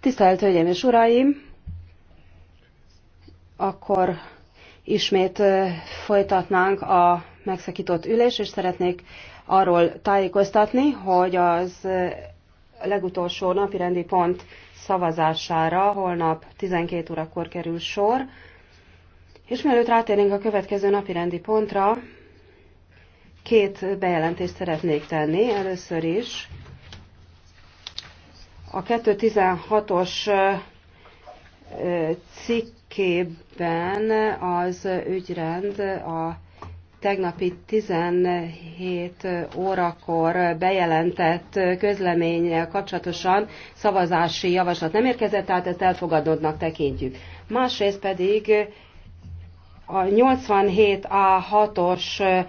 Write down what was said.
Tisztelt Hölgyeim és Uraim! Akkor ismét folytatnánk a megszakított ülés, és szeretnék arról tájékoztatni, hogy az legutolsó napirendi pont szavazására holnap 12 órakor kerül sor. És mielőtt rátérnénk a következő napirendi pontra, két bejelentést szeretnék tenni. Először is a 2016 os cikkében az ügyrend a tegnapi 17 órakor bejelentett közleménye kapcsolatosan szavazási javaslat nem érkezett, tehát ezt elfogadottnak tekintjük. Másrészt pedig a 87A6-os